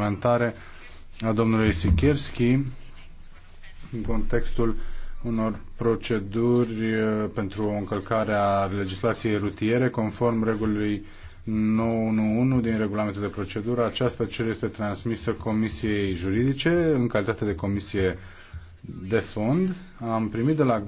parlamentare a domnului Sikirski în contextul unor proceduri uh, pentru o încălcare a legislației rutiere conform regulii 911 din regulamentul de procedură. Această cer este transmisă Comisiei Juridice în calitate de Comisie de Fond. Am primit de la